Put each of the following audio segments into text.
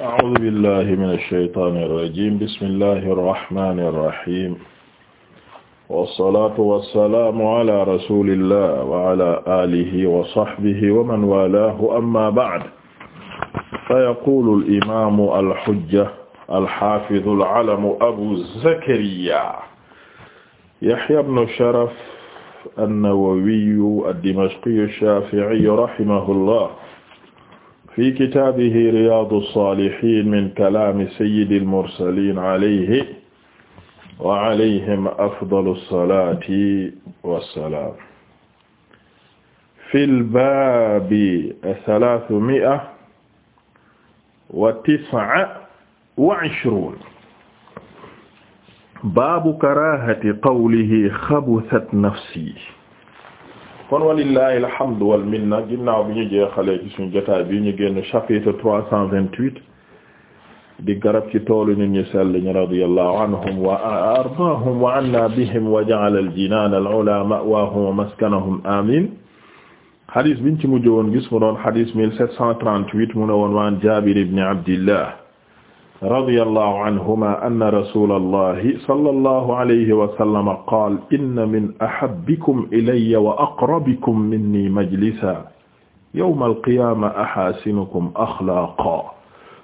أعوذ بالله من الشيطان الرجيم بسم الله الرحمن الرحيم والصلاة والسلام على رسول الله وعلى آله وصحبه ومن والاه أما بعد فيقول الإمام الحجة الحافظ العلم أبو زكريا يحيى بن شرف النووي الدمشقي الشافعي رحمه الله fi kitaabihi riyaadu saalihiin min kalaami sayyidil mursaliin alayhi wa alayhim afdalu salaati wa salaam. fil baabi salaasu mi'a wa tis'a wa ishruun. baabu karaahati qawlihi xabusat nafsi. kon walillahi alhamdu wal minna ginnaaw bi ñu jeexalee ci suñu jotaay bi ñu génn chapitre trois cent vingt-huit di garab ci toolu nit ñu sell ñu radiyallahu anhum wa ardaahum wa anna bihim wa ja'ala al-jinaan al-'ulaa ma'waahum wa maskanahum amiin xadis biñ ci mujj woon gis mu doon xadis mille sept cent trente-huit mu ne woon waan Jaabir ibn Abdillah radiyallahu anhuma anna rasulallahi sallallahu alayhi wa sallam qaala inna min ahabbikum ilayya wa aqrabikum minni majlisan yawma alqiyaama ahaasinukum axlaaqa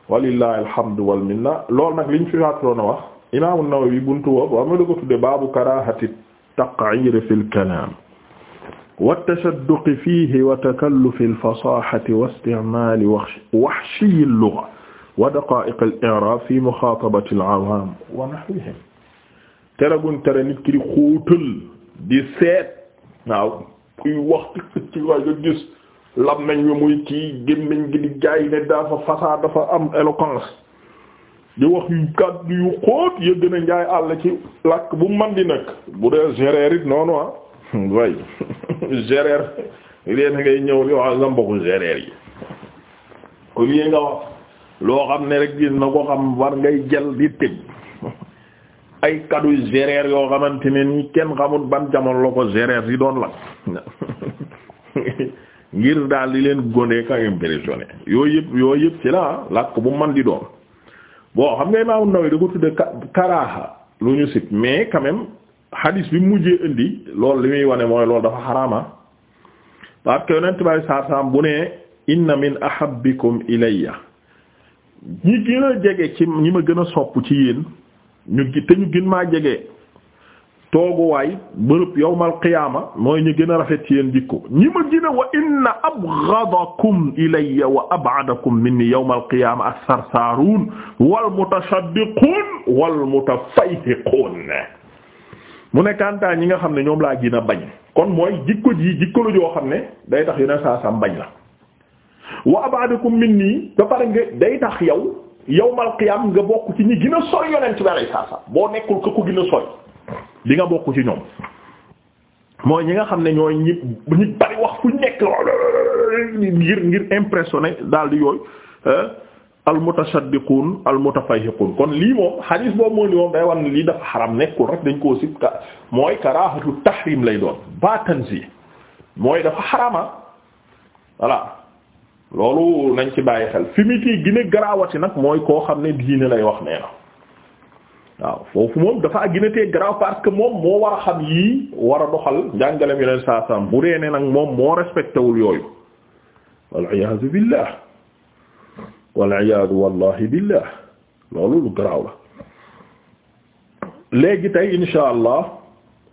walillahi alhamdu wal minna loolu nag liñ fi waatuloon a wax imaam an-Nawawi buntu boobu am na ko tudde baabu karaahati taqciiri fi lkalaam wattashadduqi fiihi wa takallufi alfasaahati wa isticmaali wahshiyi lluga wa daqaa'iq al-i'raab fi muxaatabati al-awaam wa nahwihim tereguñ tere nit ki di xóotal di seet waaw kuy wax ci waay nga gis wi muy kii gémmiñ gi di jaay ne dafa fasaa dafa am éloquence di wax yu kàddu yu xóot yëgg na njaay àll ci làkk bu man di nak bu dee géréer it noonu ah way géréer leen ngay ñëw li wax nga mbokku géréer yi au nga wax loo xam ne rek gis na ko xam war ngay jël di tëj ay kadu gérer yoo xamante ne ni kenn xamul ban jamono la ko gérer yi doon lakk ngir daal di leen gondee ka impressionné yooyu yëpp yooyu yëpp ci la lakk bu man di doon bon xam nga Imam An-Nawawi da ko tudde karaaha lu ñu sit mais quand même hadis bi mujjee indi loolu li muy wane mooy loolu dafa xaraama ah. parce que yonent bay saar saam bu ne inna min ahabbikum ilayya ñi gën jege ci ñi ma gën a sopp ci yéen ñu te ñu gën maa jege tooguwaay bërëb yowmal qiyaama mooy ñu gën a rafet ci yéen jikko ñi ma gën a wa inna abghadakum ilayya wa ab'adakum minni yowmal qiyaama as-sarsaaruun wal mutashaddiquun wal mutafayhiquun mu ne kantaa ñi nga xam ne ñoom laa gën a bañ kon mooy jikko ji jikko lu joo xam ne day tax yu ne saa sam bañ la wa abadakum minni ba pare nga day tax yow yawmal qiyaam nga bokk ci ñi gën a sori yonent bi alayhi salaam boo nekkul ko ku gën a sori nga bokk ci ñoom mooy ñi nga xam ne ñooy ñi ñi bari wax fu nekk ngir ngir impressionné daal di yooyu al mutashaddiqun al mutafahiqun kon lii moom xadiis boobu moo ni moom day war ne lii dafa xaram nekkul rek dañ koo sib ka mooy karaahatu tahrim lay doon ba tanzih mooy dafa xarama voilà loolu nañ ci bàyyi xel fi mu ci gën a garaawati nag mooy koo xam ne diine lay wax nee na waaw foofu moom dafa gën garaaw parce que moom moo war a xam yii war a doxal njàngaleem saam bu dee nag moom moo respecté wul yooyu wal iyaadu billah wal iyaadu wallahi billah loolu lu garaaw la léegi tey insha allah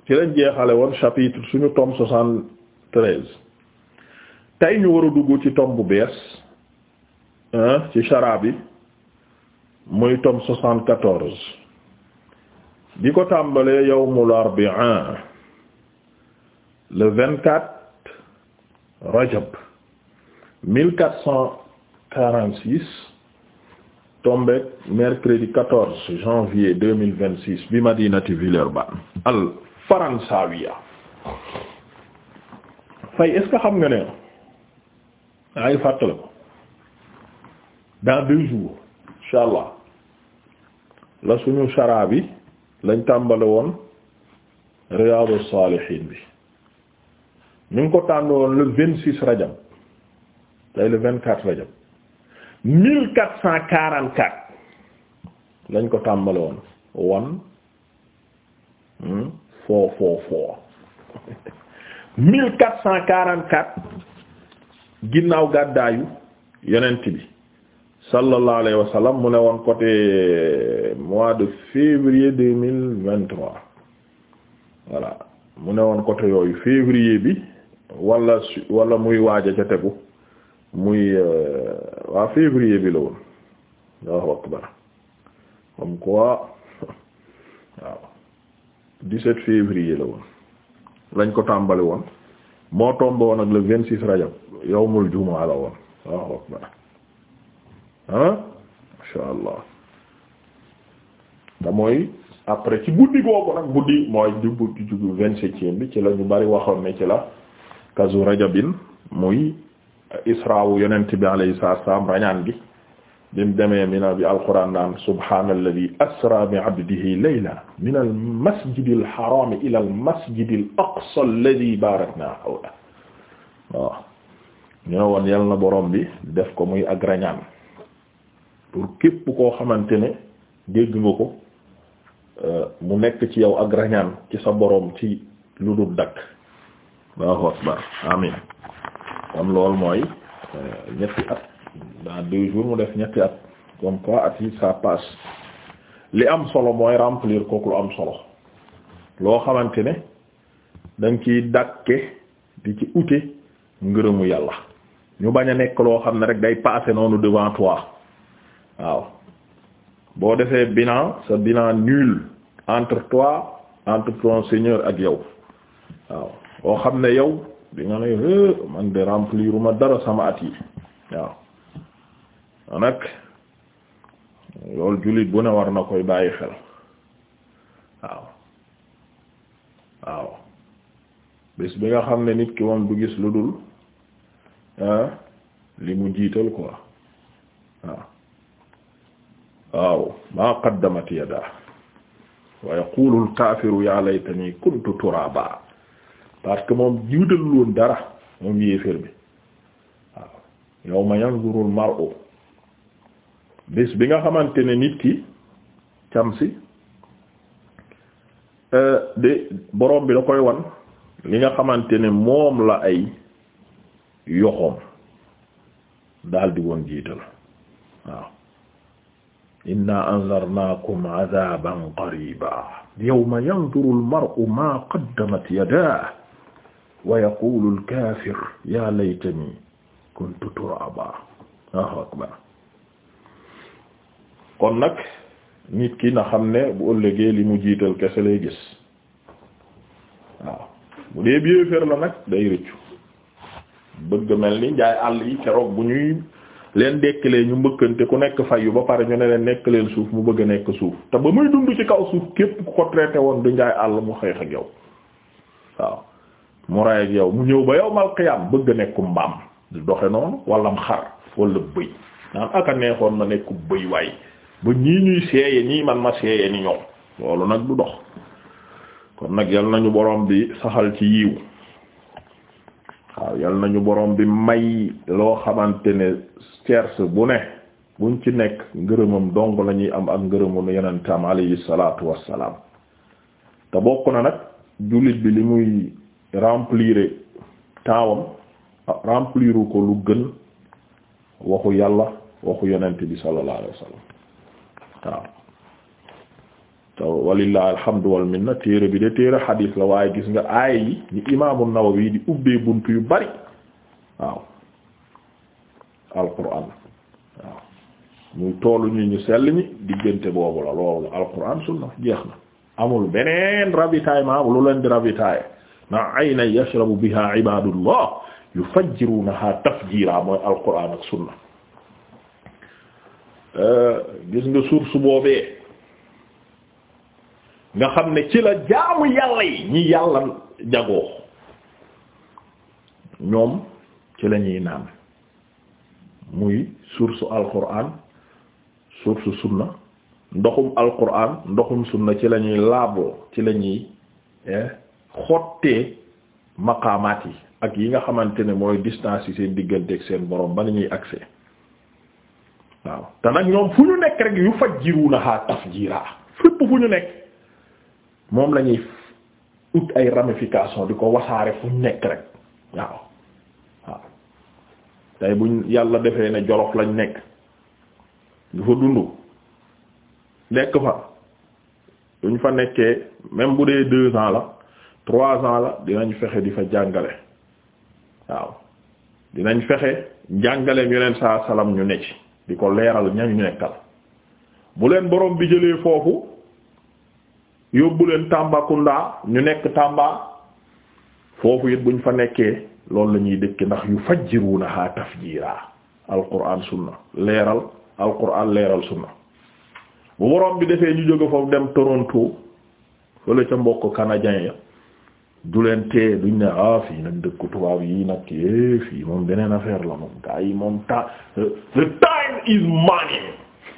ci lañ jeexale woon chapitre suñu tom soixante treize tey ñu war dugg ci tomb bu bees ci chara bi muy tomb soixante-quatorze di ko tàmbalee yawmul arba'a le vingt-quatre rajab mille quatre cent quarante-six tombé mercredi quatorze janvier deux mille vingt-six bi madinati Villeurbanne al faransawiya fay est xam nga ne ay fàttale ko dans deux insha allah la suñu chara bi lañ tàmbale woon Riyadou Salihine bi ñu ngi ko tàmbale woon le vingt six rajab tey le vingt quatre rajab mille quatre cent quarante quatre lañ ko tàmbale woon one hmm, four four four mille quatre cent quarante quatre ginnaaw gàddaayu yeneen bi sallallahu alayhi mu ne woon côté mois de février deux mille vingt trois voilà mu ne woon côté yooyu février bi wala su wala muy waaja ca tegu muy euh, waa février bi la woon Allahu akbar comme quoi waaw 17 février la woon lañ ko tàmbali woon moo tomboon ak le vingt six rajab yawmul jumaa la woon waaw akbar ah insha allah te mooy après ci guddi googu nag guddi mooy di guddi jugu vingt-septième bi ci la ñu bari waxoon ne ci la kazu rajabin muy israawu yonent bi alayhi salaam rañaan gi bim demee mina bi alquran naan subhaanalladhi asra bi abdihi layla min al masjid al haram ila al masjid al aqsa alladhi barakna hawla waaw ñu ne woon yal na boroom bi def ko muy ak rañaan pour képp koo xamante ne dégg nga ko euh, mu nekk ci yow ak rañaan ci sa boroom ci lu dul dakk Allahu akbar amin kon loolu mooy euh, ñetti at dans deux jours mu def ñetti at comme quoi at yi ça passe li am solo mooy remplir kooku lu am solo loo xamante ne da nga ciy dàkke di ci ute ngërëmu yàlla ñu bañ a nekk loo xam ne rek day passer noonu devant toi waaw boo defee bilan sa bilan nul entre toi entre ton Seigneur ak yow waaw boo xam ne yow di nga ne man de rempliruma dara sama at yi waaw nag loolu jullit bu ne war na koy bàyyi xel waaw waaw bis bi nga xam ne nit ki moom du gis lu dul ah, li mu jiital quoi waaw waaw maa qaddamat yada wa yaqulu al kafiru ya laytani kuntu turaba parce que moom jiitalul woon dara moom yéeféer bi waaw yawma yanzuru al mar'u bis bi nga xamante ne nit ki cam si euh, de bi da koy wan li nga xamante ne moom la ay yoxoom daldi woon jiital waaw inna anzarnakum azaban qariba yawma yanzuru almar'u ma qaddamat yadah wa yaqulu alkafir ya laytani kuntu turaba Allahu akbar kon nag nit ki na xam ne bu ëllëgee li mu jiital kese lay gis waaw bu dee bi yéeféer la nag day rëccu bëgg mel ni njaay àll yi keroog bu ñuy leen dekkalee ñu mbëkkante ku nekk yu ba pare ñu ne leen nekk leen suuf mu bëgg a nekk suuf te ba muy dund ci kaw suuf képp ku ko traité woon du njaay àll mu xeex ak yow waaw mu ray ak yow mu ñëw ba yow mal bëgg a nekku mbaam du doxe noonu walla mu xar walla bëy naan aka neexoon na nekku bëy waay bu ñii ñuy seeye ñii man ma seeye ni ñoom loolu nag du dox kon nag yal nañu borom bi saxal ci yiw waaw yal nañu borom bi may loo xamante ne cerce bu ne buñ ci nekk ngërëmam dong la ñuy am ak ngërëmu yonentam alayhi salaatu wassalaam te bokk na nag jullit bi li muy remplir taawam rempliru ko lu gën waxu yàlla waxu yonent bi sallallahu alayhi wasallam waaw taw walillahi alhamdu wal minna bi de téere xadiis la waaye gis nga aaya yi ni imaamu Nawawi di ubbee bunt yu bari waaw alquran waaw muy toolu ñu ñu sell ñi diggante boobu la loolu alquran sunna jeex amul beneen ravitaillement lu leen di ravitailler ndax ayna yashrabu biha ibadullah yufajjirunaha tafjira mooy alquran ak sunna Euh, gis nga source boobee nga xam ne ci la jaamu yàlla yi ñi yàlla jagoo ñoom ci la ñuy naan muy source alquran source sunna ndoxum alquran ndoxum sunna ci la ñuy laaboo ci la ñuy eh, xottee maqaamaat yi ak yi nga xamante ne mooy distance yi seen diggante ak seen borom ba na ñuy accès waaw te nag ñoom fu ñu nekk rek yu fajjirunaha tafjiira fépp fu ñu nekk moom la ñuy ut ay ramification di ko wasaare fu nekk rek waaw waaw tey buñ yàlla defee ne jolof lañ nekk du fa dund nekk fa duñ fa nekkee même bu dee deux ans la trois ans la dinañ fexe di fa jàngale waaw dinañ fexe jàngale ñu leen saa salam ñu ne ci di ko leeral ñañu nekkal bu leen borom bi jëlee foofu yóbbu leen Tambacounda ñu nekk Tamba foofu it ñu fa nekkee loolu la ñuy dëkk ndax yu fajjirunaha tafjira alquran sunna leeral alquran leeral sunna bu borom bi defee ñu jóge foofu dem Toronto fële ca mbokk canadien ya du leen tee duñ ne ah fii nag dëkku tubaab yi nag eh fii moom beneen affaire la moom gars yi moom temps the time is money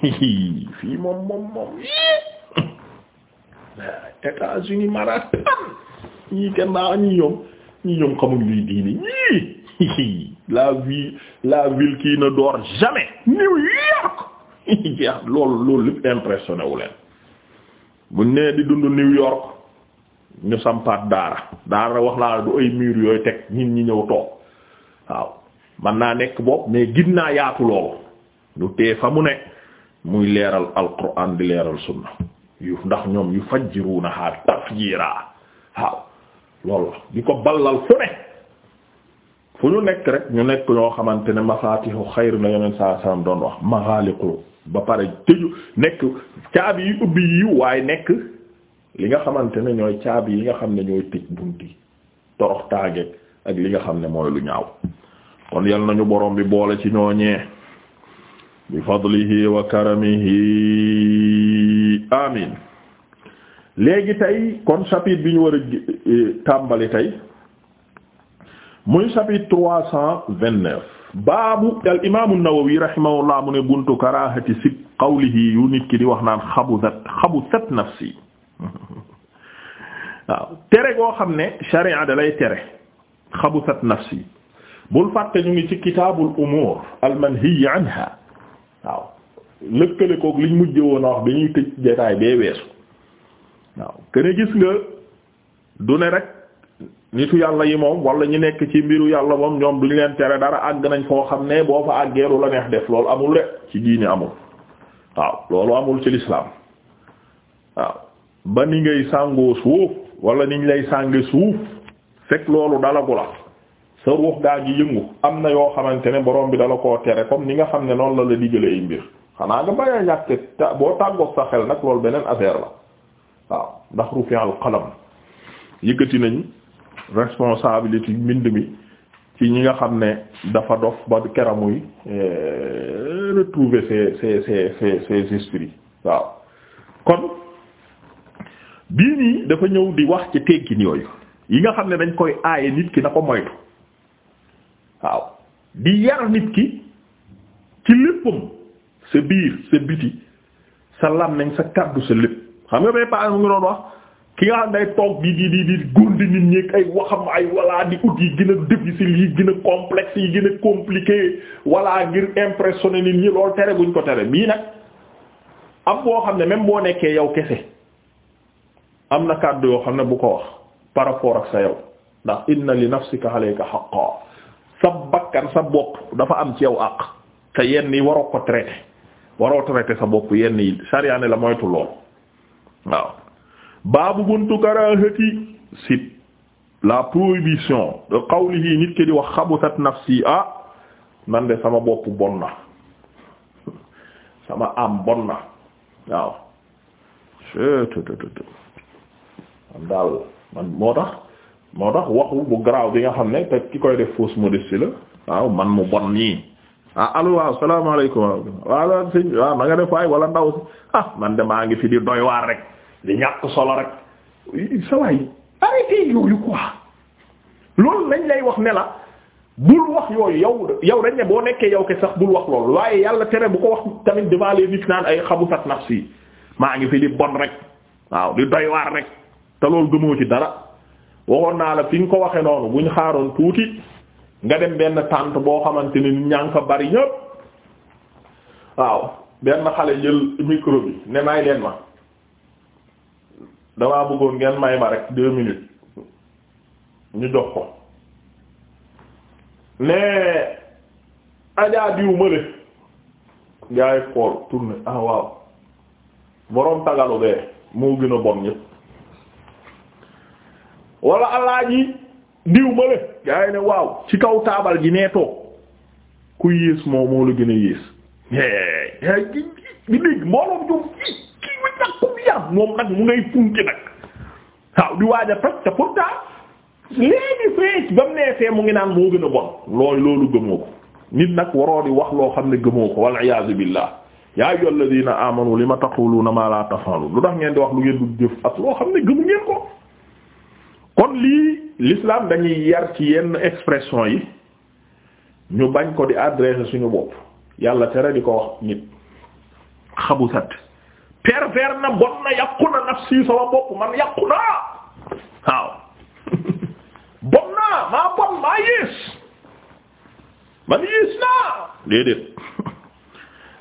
fii moom moom moom yii États-Unis mara tan ñii kenn daa ñii ñoom ñii ñoom xamuñ luy diini la ville la ville qui ne dort jamais New York jeex loolu loolu lépp leen bu nee di dund New York. ñu sampaat daara daara wax laa du ay mur yooyu teg nit ñi ñëw toog waaw man naa nekk bopp mais gin naa yaatu loolu lu tee fa mu ne muy leeral alquran di leeral sunna yu ndax ñoom yu fajjiruunahaa tafjiiraa waaw lool di ko ballal fu ne fu ñu nekk rek ñu nekk ñoo xamante ne mafaatihu xayr na yoneen saa salaam doon wax maxaaliqu ba pare tëju nekk caabi yu ubbi yi waaye nekk li nga xamante ne ñooy caabi yi nga xam ne ñooy tëj bunti torox taage ak li nga xam ne mooy lu ñaaw kon yal nañu borom bi boole ci ñooñee bi fadlihi wa karamihi amin léegi tey kon chapitre bi ñu war a e, tàmbali tey muy chapitre trois cent vingt neuf baabu al imaamu Nawawi rahimahullah mu ne buntu karahati si qawlihi yu nit ki di wax naan xabusat xabusat nafsi waaw tere goo xam ne sharia da lay tere xabusat nafsi bul fàtte ñu ngi ci kitaabul umuur al manhiyi anha waaw lëkkale kook liñ mujj woon a wax bi ñuy tëj jotaay bee weesu waaw kene gis nga du ne rek nitu yàlla yi moom wala ñu nekk ci mbiru yàlla moom ñoom duñ leen tere dara àgg nañ foo xam ne boo fa àggee lu la neex def loolu amul de ci diini amul waaw loolu amul ci lislaam waaw ba ni ngay sàngoo suuf wala niñ lay sànge suuf fekk loolu dalagu la sa ruux gaa ngi yëngu am na yoo xamante ne borom bi dala ko tere comme ni nga xam ne noonu la la digale ay mbir xanaa nga bàyyi ñàkk ta boo tàggoog sa xel nag loolu beneen affaire la waaw ndax rufi al qalam yëkkati nañ responsabilité mbind mi ci ñi nga xam ne dafa dof ba keramuy euh, retrouver ses ses ses ses esprits waaw kon bii nii dafa ñëw di wax ci teggin yooyu yi nga xam ne dañ koy aaye nit ki na ko moytu waaw di yar nit ki ci léppam sa biir sa biti sa làmmiñ sa kàddu sa lépp xam nga bay paa mu ngi doon wax ki nga xam ne day toog di di di di nit ñeeg ay waxam ay walla di ut yi gën a difficile yi gën a complexe yi gën a compliqué walla ngir impressionner nit ñi loolu tere buñ ko tere bii nag am boo xam ne même boo nekkee yow kese am na kàddu yoo xam ne bu ko wax par rapport ak sa yow ndax inna li nafsika alayka haqqan sa bakkan sa bopp dafa am ci yow àq te yenn yi waroo ko traité waroo traité sa bopp yenn yi sariya ne la moytu lool waaw baabu buntu karahati sib la prohibition de qawlihi nit ki di wax xabutat nafsi ah man de sama bopp bon na sama am bon na waaw man daal man moo tax moo tax waxu bu garaaw bi nga xam ne te ki koy def fausse modestie la waaw man mu bon nii ah allo waaw salaamaaleykum waaw waaw na nga def wala ndaw si ah man de maa ngi fi di doy waar rek di ñàkk solo rek sa waay arrêté yooyu quoi loolu lañ lay wax ne la bul wax yooyu yow yow dañ ne boo nekkee yow ke sax bul wax loolu waaye yàlla tere bu ko wax tamit devant les nit naan ay xabusat nafsi maa ngi fi di bon rek waaw di doy waar te loolu gëmoo dara waxoon naa la fi nga ko waxe noonu bu ñu xaaroon tuuti nga dem benn tànt boo xamante ni ñaa ngi fa bari ñëpp waaw benn xale jël micro ne may leen ma damaa bëggoon ngeen may ma rek deux minutes ñu jox ko ne ajaa diw mële gaa yi xool tourné ah waaw boroom tagalu bee moo gën a bon ñëpp wala ji diw ma le gaa yi ne waaw ci kaw taabal ji neetoo ku yées moo moo la gën a yées ay gi mbooloom jom ki ki mu ngi naan moo gën a bon loolu loolu gëmoo ko nit nag waroo di wax loo xam ne gëmoo ko wal iyaazu billah yaa ayyuhal ladina amanu lima taquluna ma la tafalun lu tax ngeen di wax lu ngeen du jëf ak loo xam ne gëmu ngeen ko kon lii l'islam dañuy yar ci yenn expression yi ñu bañ ko di adresser suñu bopp yàlla tere di ko wax nit xabusat pervers na bon na yàqu na nafsi sama bopp man yàqu naa waaw bon naa maa bon maa yées man yées naa déedéet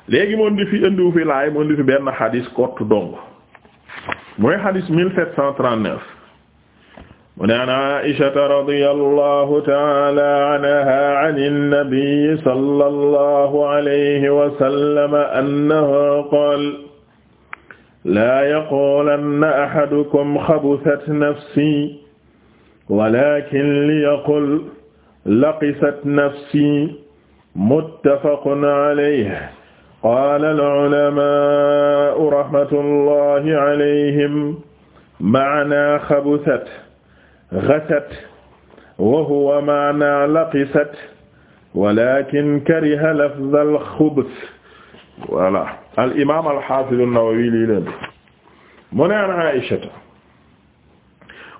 léegi moom di fi indiwu fi laay moom di fi benn xadis kott dong mooy xadis mu ne an aishata radiyallahu taala anha an annabi sallallahu alayhi wa sallam annahu qaala laa yaqulanna ahadukum xabusat nafsi walaakin liyaqul laqisat nafsi muttafaqun alayhi qaala al-ulamaa'u rahmatullahi alayhim ma'naa xabusat ghasat wa huwa ma'na laqisat walakin kariha lafz al-khubuth voilà al imaam al-Haafiz an-Nawawi lii leen mu ne an Aïcha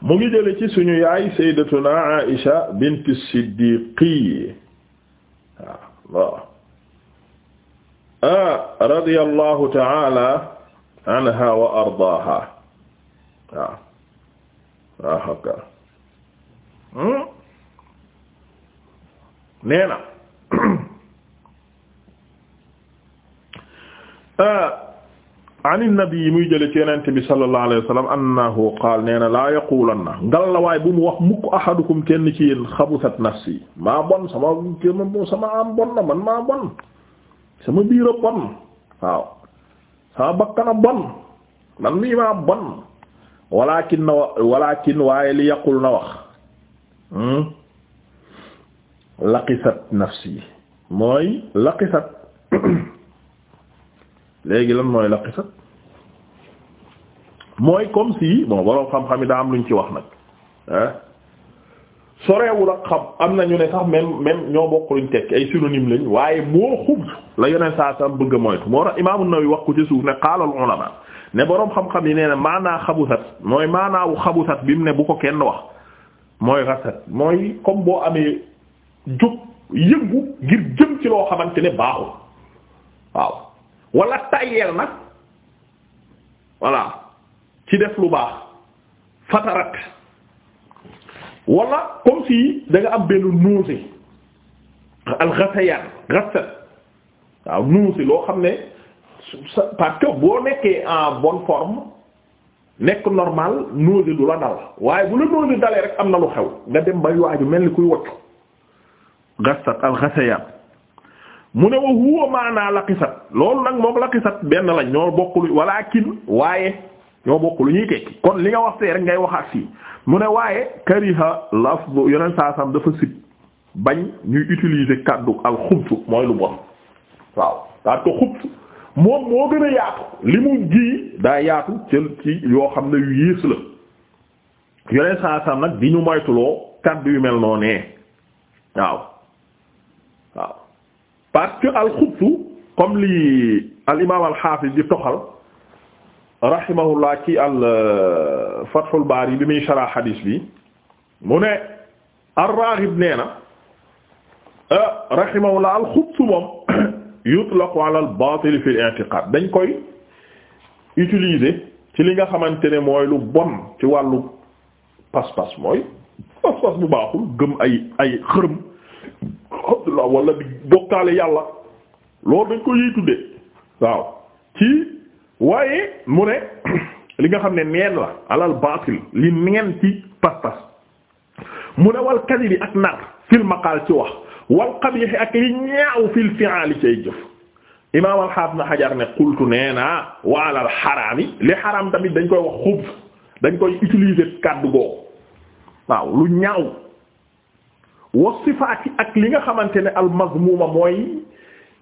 mu ngi jële ci suñu yaay sayyidatuna Aïcha bint as-Siddiqi waaw ah radiyallahu ta'ala anha wa ardaaha waaw Hmm? nee na an innabii muy jële ci bi sallallahu alayhi wa sallam annahu qaal nee na yaqulanna ngal waay bu mu wax mukk ahadukum kenn ci yéen xabusat nafsi maa bon sama kéma sama bon na man maa bon sama biir a bon waaw sama bakkan a bon man mii maa bon walakin na li yaqul na wax Hmm? laqisat nafsi mooy laqisat léegi lan mooy laqisat mooy comme si bon borom xam-xam yi daa am luñ ci wax nag ah sorewul xam am na ñu ne sax même même ñoo bokk luñ tekki ay synonyme lañ waaye moo xub la yeneen saa saa bëgg a moytu moo tax Imaam An-Nawawi wax ko ci suuf ne qaala al ne borom xam-xam yi nee na maanaa xabusat mooy maanaawu xabusat bi mu ne bu ko kenn wax. mooy rasat mooy comme boo amee jóg yëngu ngir jëm ci loo xamante ne baaxul waaw wala tayeel nag voilà ci def lu baax fatarat wala comme si da nga am benn nausée al ghasayan rasat waaw nausée loo xam ne parce que boo nekkee en bonne forme nekk normal nausée du la dal waaye bu la nausée dalee rek am na lu xew nga dem bay waaju mel ni kuy waccu gasat alxasayaat mu ne wa huwa maanaa laqisat loolu nag moom laqisat benn lañ ñoo bokkul walaakin waaye ñoo bokkul lu ñuy tekki kon li nga wax tey rek ngay waxaat fii mu ne waaye kariha lafdu yeneen saasam dafa sit bañ ñuy utiliser kàddu alxubtu mooy lu bon waaw kàddu xubtu moom moo gën a yaatu li mu ji daa yaatu cël ci yoo xam ne yu yées la yoneen saa sam nag di ñu moytuloo kaddu yu mel noonee waaw waaw parce que alxubtu comme li al imaam al xaafis di toxal rahimahullah ci al euh, fathul baari bi muy sharah hadis bi mu ne ar-Raghib nee na euh, rahimahullah alxubtu moom yutlaqu ala al batil fi al dañ koy utiliser ci li nga xamante ne mooy lu bon ci wàllu pas-pas mooy pas-pas bu baaxul gëm ay ay xërëm alhamdulillah wala di bokkaale yàlla loolu dañ ko yiy tuddee waaw ci waaye mu ne li nga xam ne neen la alal baatil li neen ci pas-pas mu ne wal kadi ak nar fil maqaal ci wax wal qabiih ak li ñaaw fil fi'aali cay jëf imaam al-Haafiz Ibn ne qultu nee naa wa alal xaraam yi li xaraam tamit dañ koy wax xubs dañ koy utiliser kàddu googu waaw lu ñaaw wa sifaat ak li nga xamante ne al-mazmuuma mooy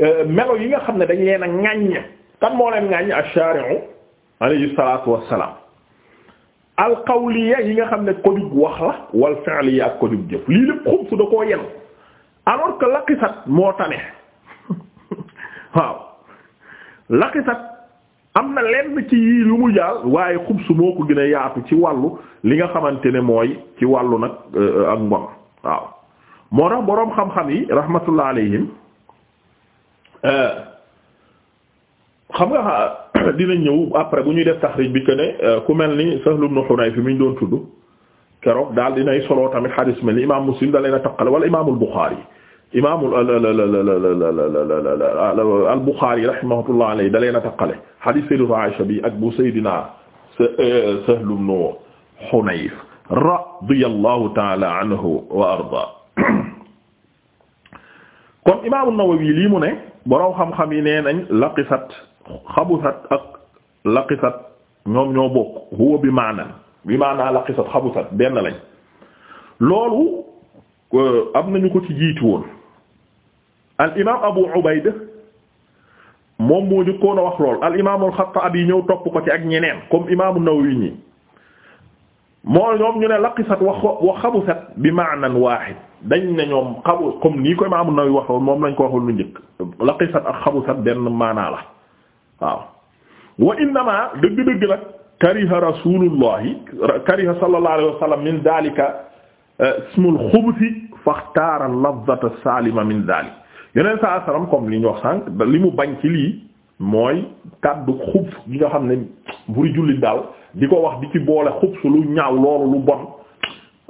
euh, melo yi nga xam ne dañ leen ak ŋaññe kan moo leen ŋaññe ash-shaari'u alayhi yi nga xam ne ko jug wax la wal fi'liya ak ko jug jëf lii lépp xubs da koo yenu alors que laqisat moo tane waaw laqisat am na lenn ci yii lu mu jaal waaye xubsu moo ko gën a yaatu ci wàllu li nga xamante ne mooy ci wàllu nag euh, ak mbon waaw moo tax boroom xam-xam yi rahmatullah alayhim euh, xam nga dina ñëw après bu ñuy def taxrij bi que ne euh, ku mel ni Sahl ibn Hunayf fi mu ñu doon tudd keroog daal dinay solo tamit xadis mel ni imam muslim da leen a taqale wala imamul buxaari imamul al buxaari rahimahullah alayhi da leen a taqale xadis sayyidatu Aisha bi ak bu saydina Sahl ibn Hunayf radiyallahu taala anhu wa arda kon imam an-Nawawi lii mu ne boroom xam-xam yi nee nañ laqisat xabusat ak laqisat ñoom ñoo bokk huwa bi maana bi maanaa laqisat xabusat benn lañ loolu euh, am nañu ko ci jiitu woon al imaam Abu Ubayda moom moo jëkkoon a wax lool al imaamul Xattaabi ñëw topp ko ci ak ñeneen comme naw Nawawi ñi moo ñoom ñu ne laqisat wa wa xabusat bi maanan waaxid dañ ne ñoom xabu comme nii ko imaamu Nawawi waxoon moom lañ ko waxoon lu njëkk laqisat ak xabusat benn maanaa la waaw wa innamaa dëgg-dëgg nag kariha rasulullahi kariha sallallahu alayhi wa sallam min daalika uh, ismul xubuti faxtaara lafzata salima min daalik yeneen saa salaam comme li ñu wax li mu bañ ci lii mooy kaddu xub gi nga xam ne buri jullit daal di ko wax di ci boole xub su lu ñaaw loolu lu bon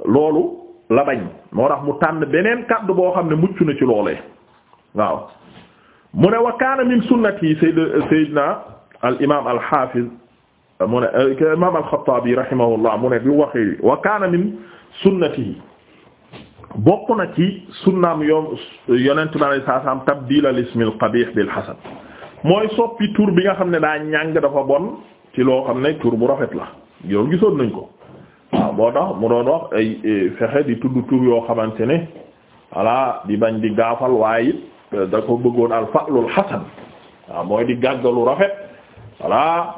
loolu la bañ moo tax mu tànn beneen kaddu boo xam ne mucc na ci loolee waaw mu ne wa min sunnati sayyidina al imaam al haafiz mu ne euh, imam al-Xattaabi rahimahullah mu ne bi waxee wa kaana min sunnatihi bokk na ci sunnaam yoom yonent bi alayhi salaam tabdiil al-ism al bi bil-hasan mooy soppi tur bi nga xam ne daa ñàng dafa bon ci loo xam ne tur bu rafet la yow gisoon nañ ko waaw boo tax mu doon wax ay e, fexe di tudd tur yoo xamante ne voilà di bañ di gaafal waaye it da ko bëggoon al fa'lul hasan waaw mooy di gàggalu rafet voilà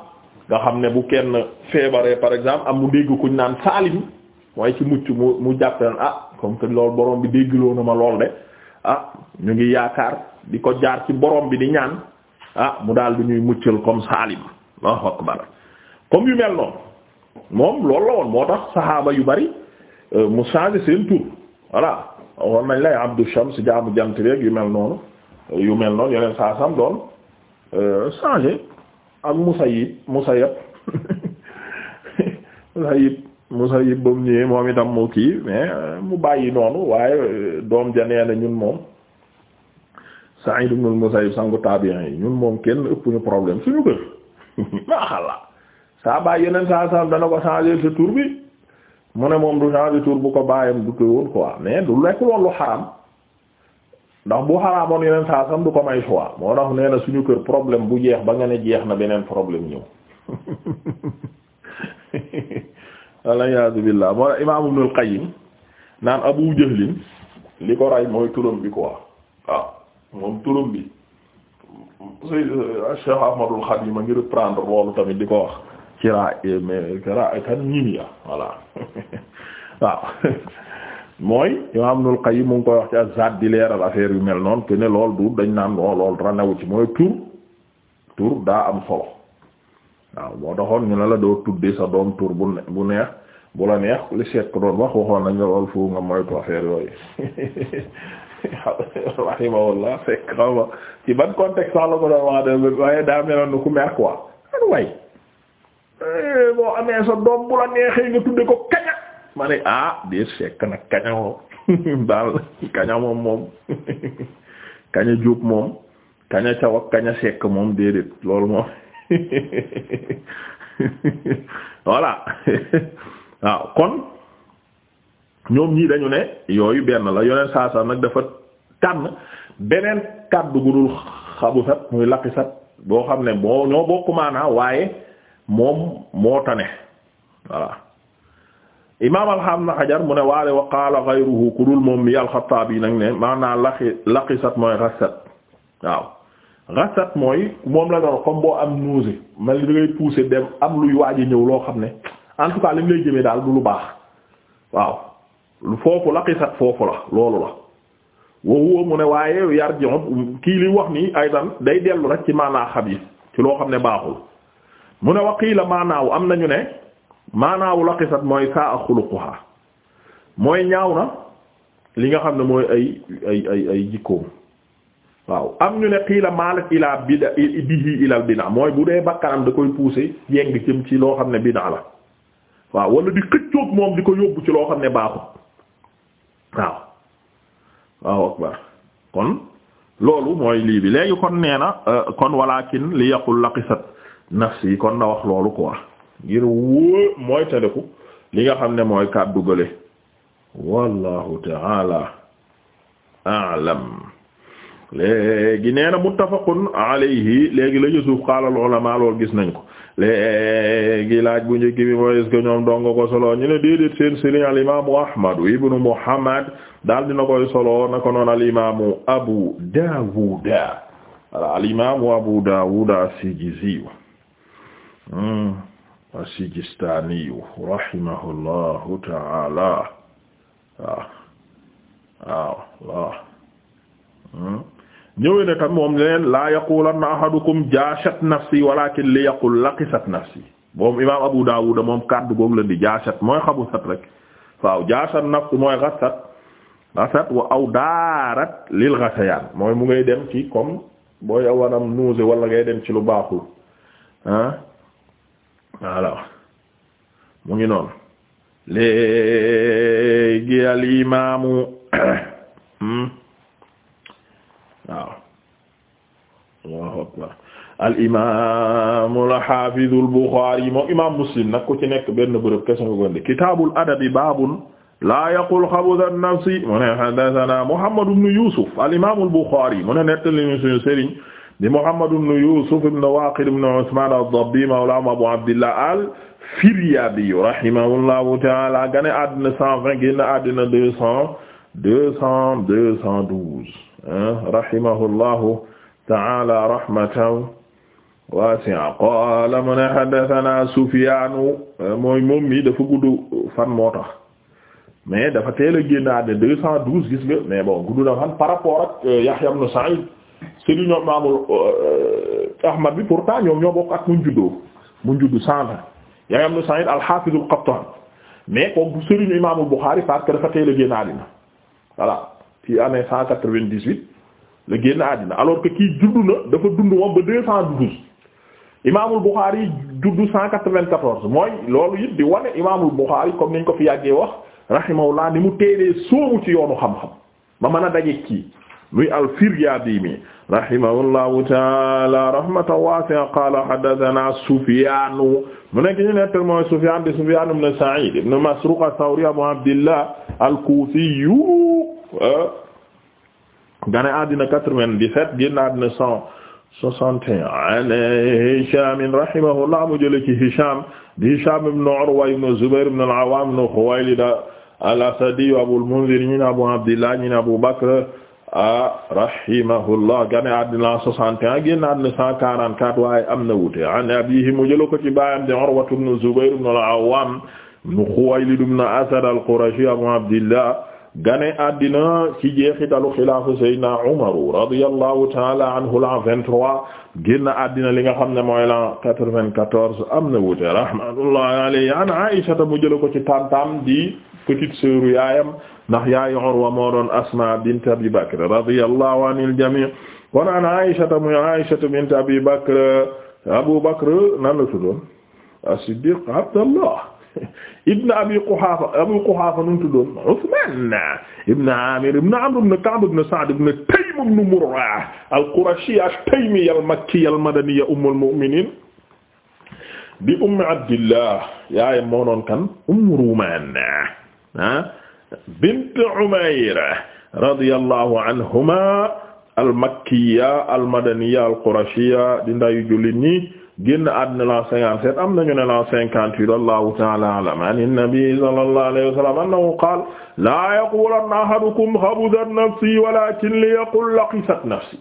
nga xam ne bu kenn feebaree par exemple am mu dégg kuñ naan saalim mooy ci mucc mu mu jàppelan ah comme que loolu borom bi déggloo na ma lool de ah ñu ngi yaakaar di ko jaar ci boroom bi di ñaan ah mu daal di ñuy muccal comme saalim Allahu akbar comme yu mel noonu moom loolu la woon moo tax saxaaba yu bari euh, mu changé seen tur voilà woon nañ lay Abdu Shams jaamu jant rek yu mel noonu yu mel noonu yeneen saa sam doon euh, changé ak Musayyib Musayyab Musayyib Musayyib ba mu ñëwee moom itam mu kii mais euh, mu bàyyi noonu waaye euh, doom ja nee na ñun moom Sa'id ibn al-Musayyib sangu tabi'in yi ñun moom kenn ëpp ñu problème suñu kër maaxalla saa bàyyi yeneen saa saa dana ko changer sa tur mu ne moom du changer tur bu ko bàyyam du ko woon quoi mais du lekk loolu lu xaram ndax bu xaraamoon yeneen saa sam du ko may choix moo tax nee na suñu kër problème bu jeex ba nga ne jeex na beneen problème ñëw aliyasu billah moo tax imam Ibnul Qayyim naan Abu Jahlin li ko rey mooy turam bi quoi waaw moom turam bi Seyd Cheikh Ahmadul Khadim a ngi reprendre loolu tamit di ko wax ci ra kan ñim ya voilà waaw mooy imaam Ibnul Qayyim mu ngi koy wax ci az di leeral affaire yu mel noonu que lool du dañ naan non lool dara newu ci mooy tur tur daa am solo waaw moo taxoon ñu ne la doo tudde sa doom tur bu neex bu la neex li seet doon wax waxoon ma ko doon wax de waaye daa meloon ku mer quoi an way eh, boo amee sa doom bu la neexee nga tudde ko kaña man ne ah biir fekk nag kaña moom kaña moom moom kaña juub moom kaña caw kaña sekk moom déedéet loolu moom voilà waaw kon ñoom ñii dañu ne yooyu benn la yoneen saa saa nag dafa tànn beneen kàddu gu dul xabu sat muy laqi sat boo xam ne boo ñoo bokk waaye moom moo tane voilà imaam alxam na xajar mu ne waale wa qaala ku dul moom mi alxataabi nag ne maanaam laqi laqisat mooy rassat waaw rassat mooy moom la doon comme boo am nausée mel ni da ngay pousser dem am luy waaj a ñëw loo xam ne en tout lay jëmee daal du lu baax waaw foofu laqisat foofu la loolu la. wowoo mu ne waaye yar jiw kii li wax nii aydan day dellu rek ci maanaa xabiis ci loo xam ne baaxul mu ne wa qiila maanaaw am nañu ne. maanaawu laqisat mooy saa a xuluquha mooy ñaaw na li nga xam ne mooy ay ay ay jikkoom waaw am ñu ne xiila maalat ilaa bida bihi ilal bida mooy bu dee bakkanam da koy pousser yeng jëm ci loo xam ne bida la waaw wala di xëccoog moom di ko yóbbu ci loo xam ne baaxut waaw waaw akbar kon loolu mooy lii bi léegi kon nee na euh, kon walakin li yaqul laqisat nafsi kon na wax loolu quoi ngir wóo mooy tëddeku li nga xam ne mooy kàddu gële wallahu taala a'lam léegi nee muttafaqun alayhi léegi la ci suuf qaala ulama lool gis nañ ko léegi laaj bu njëkk bi mooy est-ce ñoom donga ko solo ñu ne déedéet seen sëriñ al imaamu ahmadu ibnu muhammad daal dina koy solo na ko noon al imaamu abu daawuda al imaamu abu daawuda sijiziyu hmm. as-Sijistaaniyu rahimahullahu ta'ala waaw waaw waaw ñëwee ne tam moom leen laa yaqulanna ahadukum jaashat nafsi walakin li yaqul laqisat nafsi moom imaam Abu Daawud moom kàddu googu di jaashat mooy xabusat rek waaw jaashat nafsi mooy xasat xasat wa aw daarat lil xasayaan mooy mu ngay dem ci comme booy awanam nuuse wala ngay dem ci lu baaxul ah. voilà mu ngi noon léegi al imaamu hmm? waaw Allahu akbar al Muslim nag ku ci nekk benn bërëb kese nga gonde kitaabul adabi baabun laa yaqul xabusa nafsi mu ne xaddasanaa Muhammad ibn Yuusuf al imaamu al Buxaari mu ne nettali suñu sëriñ di Muhammad ibn Yusuf ibn Waqid ibn Usman ad-Dabbi mawlaahum Abu Abdillah al-Firyabi rahimahullahu ta'ala gane àddina 120 génn àddina 200 200 212 rahimahullahu ta'ala rahmatan waasi'a qaala mu ne haddathana Sufyaanu mooy moom mi dafa gudd fan moo tax mais dafa teel a génn àddina 212 gis nga mais bon gudd na fan par Yahya ibn Sa'id sëriñ ñoom maamul euh, Ahmad bi pourtant ñoom ñoo bokk ak muñ juddoo muñ juddu cent vingt yaayam na Sa'id al-Hafiz al mais kooku du sëriñu Imaamul Bukhari parce que dafa teel a génn àddina voilà ci année cent quatre-vingt-dix-huit la génn àddina alors que kii juddu na dafa dund moom ba deux cent douze Imaamul Bukhari juddu cent quatre-vingt-quatorze mooy loolu it di wane Imaamul Bukhari comme niñ ko fi yàggee wax rahimahullah ni mu teelee sóobu ci yoonu xam ba mën a daje muy al-Firyaabi mi rahimahullahu taala rahmatan waasi'a qaala haddathanaa Sufyaan mu nekk ñu nettal mooy Sufyaan di Sufyaan ibn Sa'iid ibn Masruuq ath-Thawri Abu Abdillah al-Kuufi eh, gane àddina 97 génn àddina 161 an Hishaam rahimahullah mu jële ci Hishaam di Hishaam ibn Urwa ibn Zubayr ibn al-Awwaam ibn Khuwaylid al-Asadi Abul Mundhir ñu ne Abu Abdillah ñu ne Abu Bakr rahimahullah gane àddina 61 génn àddina 144 waaye am na wuute an abiihi mu jël ko ci baayam di Urwa ibn Zubayr ibn al-Awwam ibn Khuwaylid ibn Asad al-Qurashi Abu Abdillah gane àddina ci jeexitalu xilaafu Seydina Umar radiyallahu ta'ala anhu la 23 génn àddina li nga xam ne mooy la 94 am na wuute rahmatullahi alayhi an Aisha mu jël ko ci tantam di petite sœur yaayam ndax yaay Urwa moo doon Asma bint Abi Bakr radiyallahu anil jami' kon an Aisha muy Aisha bint Abi Bakr Abu Bakr nan la tuddoon as-Siddiq Abdallah ibn Abi Quhafa Abu Quhafa nu tuddoon Uthman ibn Amir ibn Amr ibn Ka'b ibn Sa'd ibn Taym ibn Murrah al-Qurashi at-Taymi al-Makki al-Madani ummul mu'minin bi Umm Abdillah yaay moo doon kan Umm Ruman ah bint Umayr radiyallahu anhuma al-makkiya al-madaniya al-qurashiya di ndayu jullit ñi génn àddina la 57 am nañu ne la 58 wallahu ta'ala a'lam an nabi sallallahu alayhi wa sallam annahu qaala laa yaqulanna ahadukum xabusat nafsi walakin liyaqul laqisat nafsi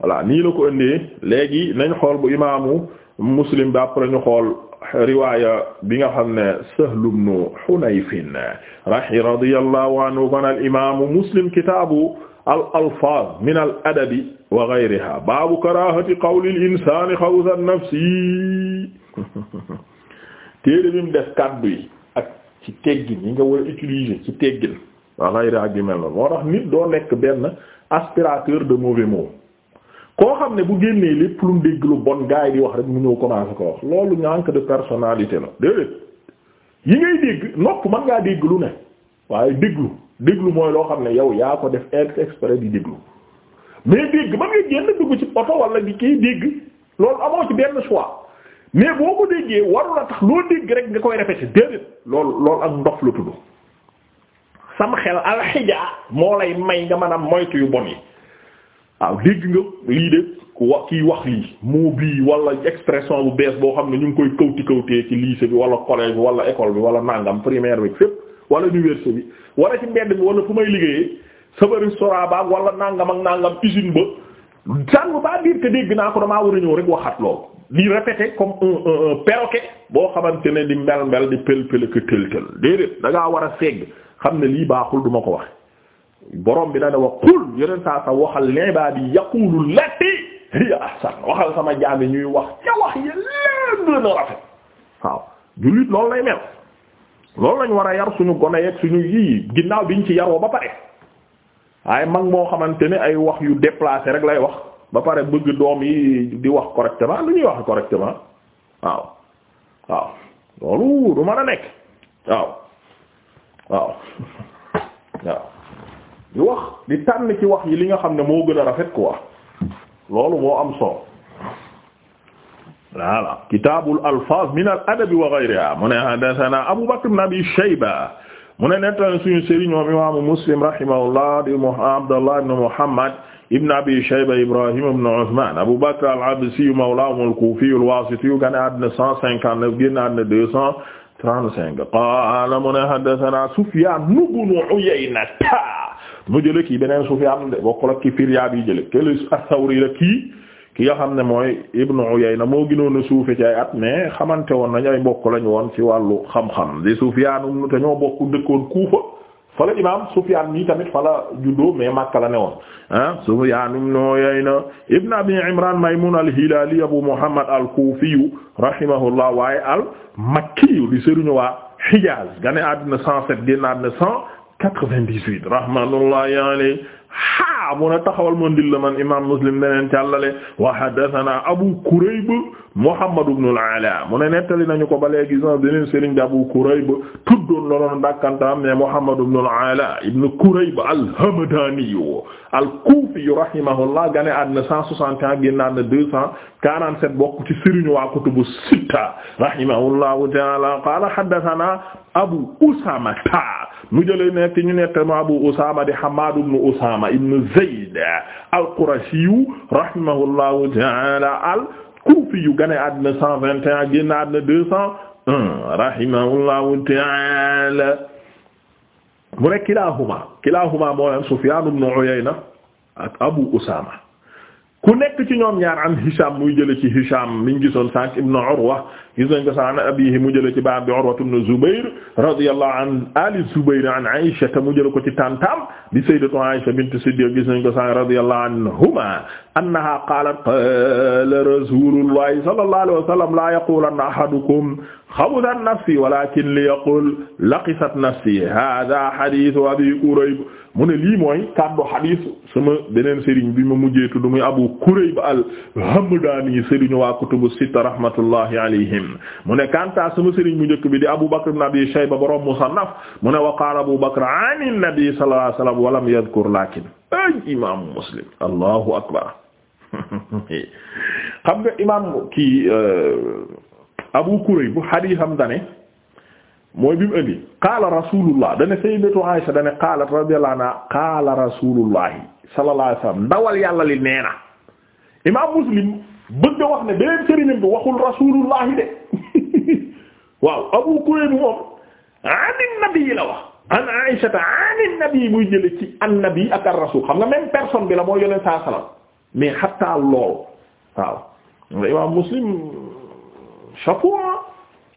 voilà nii la ko indee léegi nañ xool bu imaamu muslim ba après ñu xool riwaaya bi nga xam ne Sahl ibn Hunayf rahi radiyallahu kon al imaamu Muslim kitaabu al min al adabi wa ghayrihaa baabu karaahati qawli al insaani xawsa nafsi téere bi mu def kàddu yi ak ci teggin yi nga war a utiliser ci teggin wa ghayrihaa ak yu mel noonu koo xam ne bu génnee lépp lu mu dégg lu bon gars yi di wax rek mu ñëw commencé ko wax loolu ñànk de personnalité la déedéet yi ngay dégg nopp man ngaa dégg lu ne waaye déglu déglu mooy loo xam ne yow yaa ko def exprès di déglu mais dégg mën nga génn dugg ci oto wala di kii dégg loolu amoo ci benn choix mais boo ko déggee waru la loo dégg rek nga koy répété déedéet loolu loolu ak ndox la tudd sam xel alxija moo lay may nga mën a moytu yu bon waaw dégg nga lii de ku wax kiy wax lii moo bii walla expression bu bees boo xam ne ñu ngi koy kawti kawtee ci lycée bi wala collège bi wala école bi wala nangam primaire bi fépp wala université bi wala ci mbedd bi wala fu may liggéeyee sama restaurant ba wala nangam ak nangam usine ba sànq ba dire que dégg naa ko damaa war a ñëw rek waxat loolu lii répéter comme un boo xamante ne di mbel mbel di pël pël ak tël tël déedéet da ngaa war segg xam ne lii baaxul duma ko wax borom bi da ne wa qul yeneen saa sa waxal li ibaadi yaqulu lati waxal sama jaami ñuy wax ca wax ya leen rafet waaw jullit loolu lay mel loolu lañ war a yar suñu gone yeeg suñu yii ginnaaw biñ ci yaroo ba pare waaye mag moo xamante ne ay wax yu déplacé rek lay wax ba pare bëgg doom yi di wax correctement lu ñuy wax correctement waaw waaw loolu du mën a nekk waaw waaw waaw di wax di tànn ci wax yi li nga xam ne moo gën a rafet quoi loolu moo am solo voilà kitaabul alfaaz min al adabi wa ghayriha mu ne haddathana Abu Bakr ibn Abi Shayba mu ne nettali suñu sëriñ moom imaamu Muslim rahimahullah di Abdallah ibn Muhammad ibn Abi Shayba Ibrahim ibn Uthman Abu Bakr al-Absi mawlahum al-Kufi al-Wasiti gane àddina 159 génn àddina 200 35 qaala mu ne haddasanaa Sufyaan ibnu Uyayna mu jële kii beneen Sufyaan bokkul ak ki Firyaab yi jële kële as-Sawri la kii ki nga xam ne mooy ibnu Uyayna moo ginoon a suufe ci ay at mais xamante woon nañ ay mbokk lañu woon ci wàllu xam-xam di Sufyaan um nu te ñoo bokk dëkkoon Kuufa fa la imaam Sufyaan mi tamit fa la juddoo mais Makka la i ah Sufyaan ibn Uyayna ibn Abi Imraan Maymuun al-Hilaali Abu Muhammad al-Kuufi rahimahullah waaye al-Makki di sëriñu waa Hijaaz gane àddina 107 génn àddina 198 rahmatullahi alayhi haa mu ne taxawal ma ndil la man imam muslim beneen càllale wa hadathana abu kurayb muhammad ibn al-ala mu ne nettali nañu ko ba léegi sama beneen sëriñ di abu kurayb tuddoon loloon dàkkantaam ne muhammad ibn al-ala ibn kurayb al-hamdani al-kufi rahimahullah gane àddina cent soixante ans génn àddina deux cent quarante-sept bokk ci sëriñu waa kutubu sitta rahimahullahu ta'ala qala hadathana abu usamata mu jëlee nekk ñu nekk ma Abu Usaama di Hammaad ibn Usaama ibn Zayd al-Qurashiyu rahimahullahu ta'ala al-Kufiyu gane àddina 121 génn àddina 201 rahimahullahu ta'ala mu ne kilahuma kilahuma moo leen Sufyaan ibn Uyayna Abu Usaama ku nekk ci ñoom ñaar an Hisham jël jëlee ci Hisham mi ngi gisoon sànq ibn Urwa gis nañ ko sa an abihi mu jële ci baam bi Urwatu ibn Zubayr radiyallahu an ali Zubayr an Aisha ta mu jële ko ci tantam di sayyidatu Aisha bint Siddiq gis nañ ko sa radiyallahu anhuma annaha qalat qala rasulullahi sallallahu alayhi wa sallam la yaqulanna ahadukum xabutat nafsi walakin li yaqul laqisat nafsi hada hadithu abi Kurayb mu ne lii mooy kàddu xadis sama beneen sëriñ bi ma mujjee tudd muy Abu Kurayb al-Hamdani sëriñu waa kutubu sitta rahmatullahi alayhim mu ne kanta sama sëriñ mu njëkk bi di Abu Bakr ibn Abi Shayba borom Musannaf mu ne wa qaala Abu Bakr an an-nabi sallallahu alayhi wa sallam wa lam yadhkur lakin ay imaamu Muslim allahu akbar xam nga imaam kii euh, Abu Kurayb bu hadiisam dane mooy bi mu indi qaala rasulullah dane sayyidatu Aisha dane qaalat radiyallahu anha qaala rasulullah sallallahu alayhi wa sallam ndawal yàlla li nee na imaam Muslim bëgg wax ne beneen sëriñam bi waxul rasulullah de waaw Abu Kurayb moom anin nabi la wax an Aisha anin nabi muy jële ci an nabi ak ar rasul xam nga même personne bi la moo yoneen saa salam mais xatta lool waaw imam Muslim chapeau